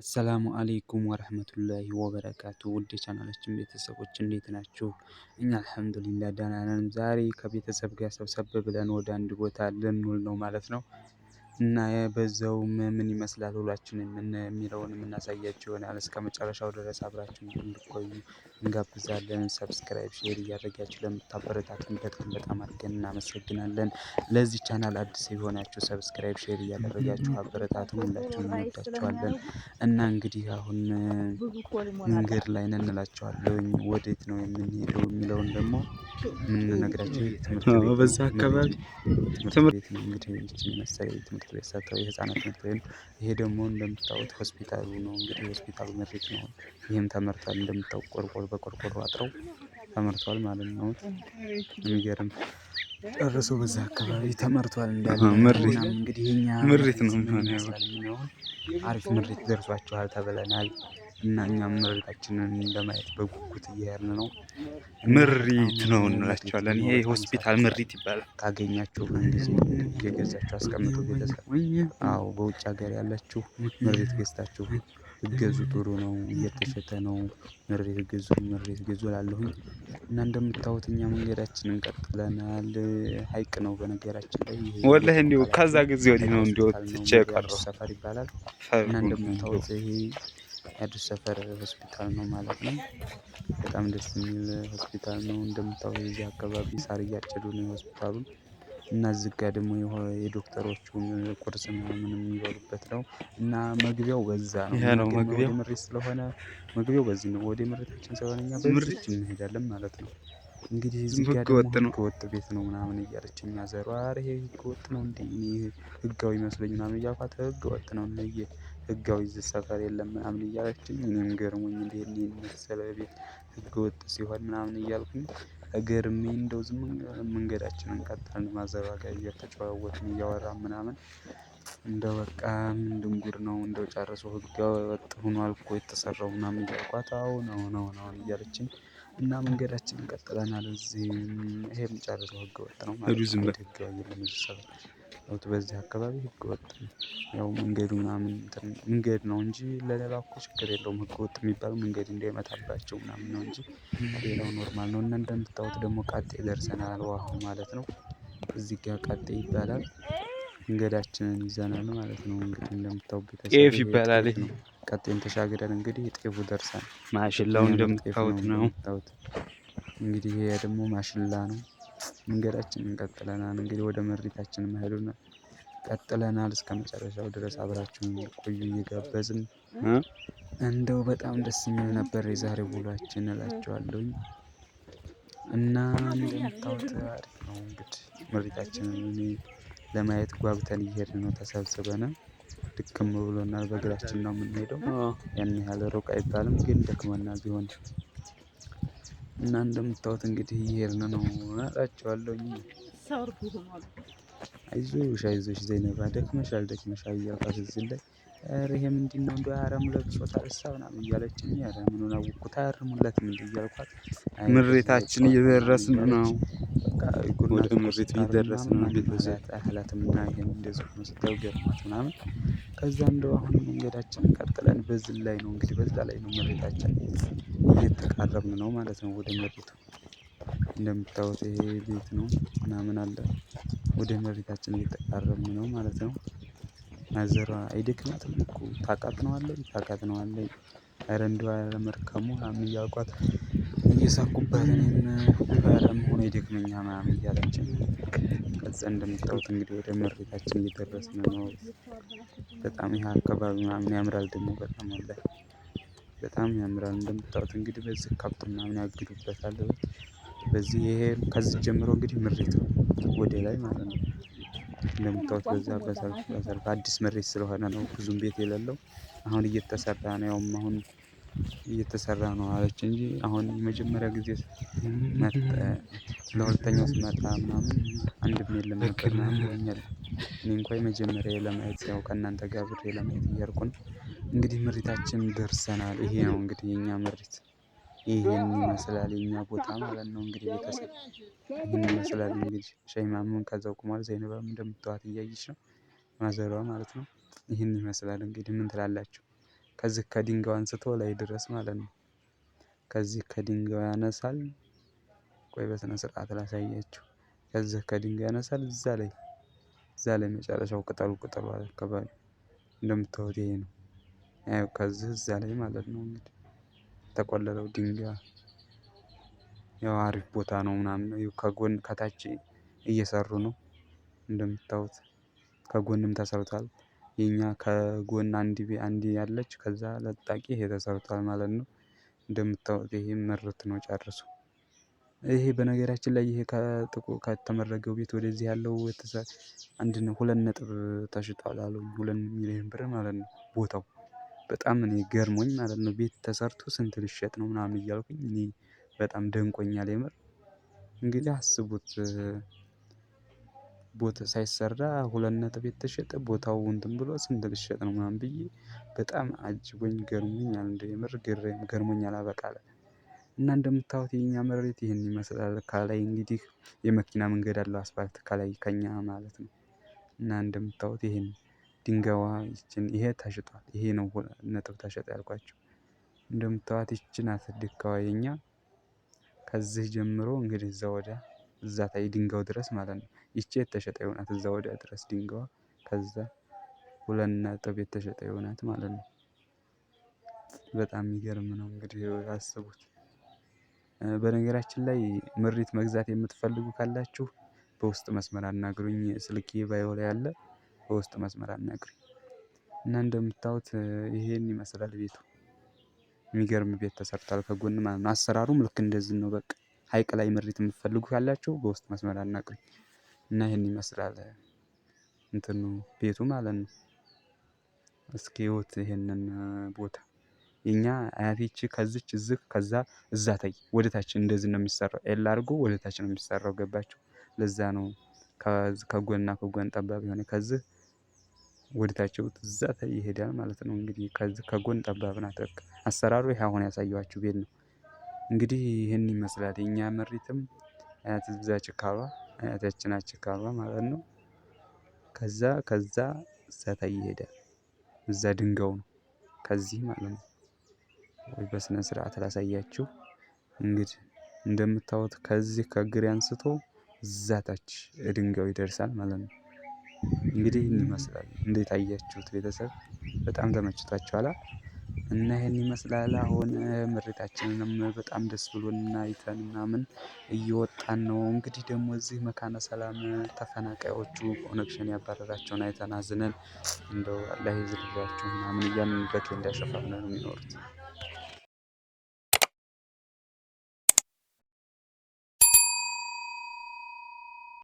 አሰላሙ አሌይኩም ወረህመቱላሂ ወበረካቱ። ውድ የቻናላችን ቤተሰቦች እንዴት ናችሁ? እኛ አልሐምዱሊላ ደህና ነን። ዛሬ ከቤተሰብ ጋር ሰብሰብ ብለን ወደ አንድ ቦታ ልንውል ነው ማለት ነው። እና በዛውም ምን ይመስላል ውሏችንን የሚለውን የምናሳያቸው ይሆናል። እስከ መጨረሻው ድረስ አብራችሁ እንድቆዩ እንጋብዛለን። ሰብስክራይብ፣ ሼር እያደረጋችሁ ለምታበረታቱን በጣም በጣም አድርገን እናመሰግናለን። ለዚህ ቻናል አዲስ የሆናችሁ ሰብስክራይብ፣ ሼር እያደረጋችሁ አበረታቱን። ሁላችሁም እንወዳችኋለን። እና እንግዲህ አሁን መንገድ ላይ ነን እንላችኋለሁ። ወዴት ነው የምንሄደው የሚለውን ደግሞ የምንነግራቸው በዛ አካባቢ ትምህርት ቤት ነው። እንግዲህ ይህች መሰል ትምህርት ቤት ሰጥተው የህፃናት ትምህርት ቤት ይሄ ደግሞ እንደምታዩት ሆስፒታሉ ነው። እንግዲህ ሆስፒታሉ መሬት ነው። ይህም ተመርቷል እንደምታውቅ ቆርቆሮ በቆርቆሮ አጥረው ተመርቷል ማለት ነው። የሚገርም ጨርሶ በዛ አካባቢ ተመርቷል እንዳለ እንግዲህ ምሪት ነው ምናምን አሪፍ ምሪት ደርሷችኋል ተብለናል። እና እኛም ምሪታችንን ለማየት በጉጉት እያያልን ነው። ምሪት ነው እንላቸዋለን። ይሄ ሆስፒታል ምሪት ይባላል። ካገኛችሁ ጊዜ የገዛችሁ አስቀምጡ። ቤተሰብ አዎ፣ በውጭ ሀገር ያላችሁ ምሪት ገዝታችሁ እገዙ። ጥሩ ነው፣ እየተሸተ ነው። ምሪት ግዙ፣ ምሪት ግዙ እላለሁኝ እና እንደምታዩት እኛ መንገዳችንን ቀጥለናል። ሀይቅ ነው በነገራችን ላይ ወላሂ፣ እንዲሁ ከዛ ጊዜ ወዲህ ነው እንዲሁ ትቼ ቀረሁ። ሰፈር ይባላል እና እንደምታዩት ይሄ የአዲስ ሰፈር ሆስፒታል ነው ማለት ነው። በጣም ደስ የሚል ሆስፒታል ነው። እንደምታዩት እዚህ አካባቢ ሳር እያጨዱ ነው ሆስፒታሉን እና እዚህ ጋ ደግሞ የዶክተሮቹን ቁርስ ምናምን የሚበሉበት ነው። እና መግቢያው በዛ ነው። ይሄ ነው መግቢያው ምሬት ስለሆነ መግቢያው በዚህ ነው። ወደ ምሬታችን ስለሆነ እኛ በምሬት እንሄዳለን ማለት ነው። እንግዲህ እዚህ ጋ ደግሞ ህገወጥ ቤት ነው ምናምን እያለች የሚያዘሩ አረ ይሄ ህገወጥ ነው እንዴ? ህጋዊ መስሎኝ ምናምን እያልኳት ህገወጥ ነው ነየ ህጋዊ እዚህ ሰፈር የለም ምናምን እያለችኝ እኔም ገርሞኝ እንዴት ይሄን የመሰለ ቤት ህገ ወጥ ሲሆን ምናምን እያልኩኝ ገርሜ እንደው ዝም መንገዳችንን ቀጠልን። ማዘሯ ጋር እየተጨዋወትን እያወራ ምናምን እንደ በቃ ምን ድንጉር ነው እንደው ጨርሶ ህገ ወጥ ሆኗል እኮ የተሰራው ምናምን እያልኳት አዎ ነው ነው ነው እያለችኝ እና መንገዳችንን ቀጥለናል። እዚህ ይሄም ጨርሶ ህገ ወጥ ነው ማለት ነው። ህጋዊ የለም እዚህ ያውት በዚህ አካባቢ ህገ ወጥ ያው መንገዱ ምናምን መንገድ ነው እንጂ ለሌላ እኮ ችግር የለውም። ህገ ወጥ የሚባለው መንገድ እንዳይመታባቸው ምናምን ነው እንጂ ሌላው ኖርማል ነው። እና እንደምታዩት ደግሞ ቃጤ ደርሰናል ዋሁ ማለት ነው። እዚህ ጋር ቃጤ ይባላል። መንገዳችንን ይዘናል ማለት ነው። እንግዲህ እንደምታዩት ቤተሰብ ይባላል። ቃጤን ተሻግረን እንግዲህ ጤፉ ደርሰናል። ማሽላው እንደምታዩት ነው። እንግዲህ ይሄ ደግሞ ማሽላ ነው። መንገዳችንን ቀጥለናል። እንግዲህ ወደ ምሪታችን መሄዱን ቀጥለናል። እስከ መጨረሻው ድረስ አብራችሁን ቆዩ እየጋበዝን እንደው በጣም ደስ የሚል ነበር የዛሬ ውሏችን እላችኋለሁኝ። እና እንደምታዩት አሪፍ ነው እንግዲህ ምሪታችንን እኔ ለማየት ጓጉተን እየሄድን ነው ተሰብስበን። ድክም ብሎናል፣ በእግራችን ነው የምንሄደው። ያን ያህል ሩቅ አይባልም፣ ግን ደክመናል ቢሆን እና እንደምታዩት እንግዲህ እየሄድን ነው እላቸዋለሁ። አይዞሽ አይዞሽ ዘይነባ ደክመሻል ደክመሻል እያልኳት እዚህ ላይ ኧረ ይሄ ምንድን ነው እንደው አረሙ ለብሶታል እሷ ምናምን እያለችኝ ኧረ ምኑን አወቅኩት አርሙለት እንዴ እያልኳት ምሬታችን እየደረስን ነው። ወደ ምሬት እየደረስን ነው። ቤተሰብ አህላትም እና ይሄም እንደዚህ ሆኖ ስታዩ ገርማት ምናምን ከዛ እንደው አሁን መንገዳችን ቀጥለን በዝል ላይ ነው እንግዲህ በዛ ላይ ነው ምሬታችን እየተቃረብን ነው ማለት ነው ወደ ምሬቱ እንደምታዩት ይሄ ቤት ነው ምናምን አለ ወደ ምሬታችን እየተቃረብን ነው ማለት ነው። ማዘሯ አይደክማትም እኮ ታቃጥነዋለች ታቃጥነዋለች። ኧረ እንደው ኧረ መርከሙ ምን እያልኳት እየሳኩባት እኔም ኧረ መሆኑ ይደክመኛል ምናምን እያለችኝ ከዛ እንደምታዩት እንግዲህ ወደ መሬታችን እየደረስን ነው። በጣም ይህ አካባቢ ምናምን ያምራል ደግሞ በጣም አለ በጣም ያምራል። እንደምታዩት እንግዲህ በዚህ ከብት ምናምን ያግዱበታል። በዚህ ይሄ ከዚህ ጀምሮ እንግዲህ ምሬት ነው ወደ ላይ ማለት ነው። እንደምታዩት በዛ በሰልፍ በሰልፍ አዲስ መሬት ስለሆነ ነው ብዙም ቤት የሌለው። አሁን እየተሰራ ነው፣ ያውም አሁን እየተሰራ ነው አለች እንጂ አሁን የመጀመሪያ ጊዜ ለሁለተኛው ስመጣ ምናምን አንድም የለም ነበር ምናምንኛል። እኔ እንኳ የመጀመሪያ ለማየት ያው ከእናንተ ጋር ብሬ ለማየት እያልኩ ነው። እንግዲህ ምሪታችን ደርሰናል። ይሄ ነው እንግዲህ የኛ ምሪት። ይህን ይመስላል የኛ ቦታ ማለት ነው። እንግዲህ ቤተሰብ ይህን ይመስላል እንግዲህ ሸይማሙን ከዛው ቁሟል። ዘይነባም እንደምትዋት እያየች ነው ማዘሯ ማለት ነው። ይህን ይመስላል እንግዲህ ምን ትላላችሁ? ከዚህ ከድንጋዩ አንስቶ ላይ ድረስ ማለት ነው። ከዚህ ከድንጋዩ ያነሳል። ቆይ በስነ ስርዓት ላሳያችሁ። ከዚህ ከድንጋዩ ያነሳል እዛ ላይ እዛ ላይ መጨረሻው ቅጠሉ ቅጠሉ አካባቢ እንደምታዩት ይሄ ነው። ከዚህ እዛ ላይ ማለት ነው እንግዲህ የተቆለለው ድንጋይ ያው አሪፍ ቦታ ነው ምናምን ከጎን ከታች እየሰሩ ነው እንደምታዩት ከጎንም ተሰርቷል። የኛ ከጎን አንድ አንድ ያለች ከዛ ለጣቂ ይሄ ተሰርቷል ማለት ነው። እንደምታዩት ይሄ ምርት ነው ጨርሶ። ይሄ በነገራችን ላይ ይሄ ከጥቁ ከተመረገው ቤት ወደዚህ ያለው አንድ ሁለት ነጥብ ተሽጧል አሉ። ሁለት ሚሊዮን ብር ማለት ነው ቦታው በጣም እኔ ገርሞኝ ማለት ነው ቤት ተሰርቶ ስንት ልሸጥ ነው ምናምን እያልኩኝ እኔ በጣም ደንቆኛል። የምር እንግዲህ አስቡት ቦታ ሳይሰራ ሁለት ነጥብ የተሸጠ ቦታው እንትን ብሎ ስንት ልሸጥ ነው ምናምን ብዬ በጣም አጅቦኝ ገርሞኛል። እንደው የምር ገርሞኛል አበቃለ እና እንደምታዩት የኛ መሬት ይህን ይመስላል። ከላይ እንግዲህ የመኪና መንገድ አለው አስፋልት ከላይ ከኛ ማለት ነው እና እንደምታዩት ይህን ድንጋዋ ይችን ይሄ ተሽጧል ይሄ ነው ነጥብ ተሸጠ ያልኳቸው እንደምታዋት ይችን አስር ድካዋ የኛ ከዚህ ጀምሮ እንግዲህ እዛ እዛ ታይ ድንጋው ድረስ ማለት ነው። ይቺ የተሸጠ ይሆናት እዛ ወደ ድረስ ድንጋዋ ከዛ ሁለት ነጥብ የተሸጠ ይሆናት ማለት ነው። በጣም የሚገርም ነው እንግዲህ አስቡት። በነገራችን ላይ ምሪት መግዛት የምትፈልጉ ካላችሁ በውስጥ መስመር አናግሩኝ። ስልኬ ባዮ ላይ አለ። በውስጥ መስመር አናግሩኝ። እና እንደምታዩት ይሄን ይመስላል ቤቱ። የሚገርም ቤት ተሰርቷል ከጎን ማለት ነው። አሰራሩም ልክ እንደዚህ ነው። በቃ ሀይቅ ላይ ምሪት የምትፈልጉ ካላችሁ በውስጥ መስመር አናግሩኝ። እና ይሄን ይመስላል እንትኑ ቤቱ ማለት ነው። እስኪ ይወት ይሄንን ቦታ የኛ አያቴች ከዚች እዝህ ከዛ እዛ ታይ ወደ ታች እንደዚህ ነው የሚሰራው። ኤል አድርጎ ታች ነው የሚሰራው። ገባችሁ? ለዛ ነው ከጎንና ከጎን ጠባብ የሆነ ከዚህ ወደታቸው ትዛተ ይሄዳል ማለት ነው። እንግዲህ ከጎን ጠባብ ናት። በቃ አሰራሩ ይህ አሁን ያሳየኋችሁ ቤት ነው። እንግዲህ ይህን ይመስላል። የእኛ መሬትም አያት ብዛ ችካሏ አያታችን ችካሏ ማለት ነው። ከዛ ከዛ እዛታ ይሄዳል። እዛ ድንጋው ነው ከዚህ ማለት ነው። ወይ በስነ ስርዓት ላሳያችሁ እንግዲህ እንደምታዩት ከዚህ ከግሬ አንስቶ እዛታች ድንጋው ይደርሳል ማለት ነው። እንግዲህ ይህን ይመስላል እንዴት አያችሁት ቤተሰብ በጣም ተመችቷችኋላ? እና ይህን ይመስላል። አሁን ምሬታችንንም በጣም ደስ ብሎና አይተን ምናምን እየወጣን ነው። እንግዲህ ደግሞ እዚህ መካነ ሰላም ተፈናቃዮቹ ኮኔክሽን ያባረራቸውን አይተን አዝነን እንደው አላህ ይዝርያችሁ ምናምን እያልን በኬንዳ ሸፋፍነው ነው የሚኖሩት።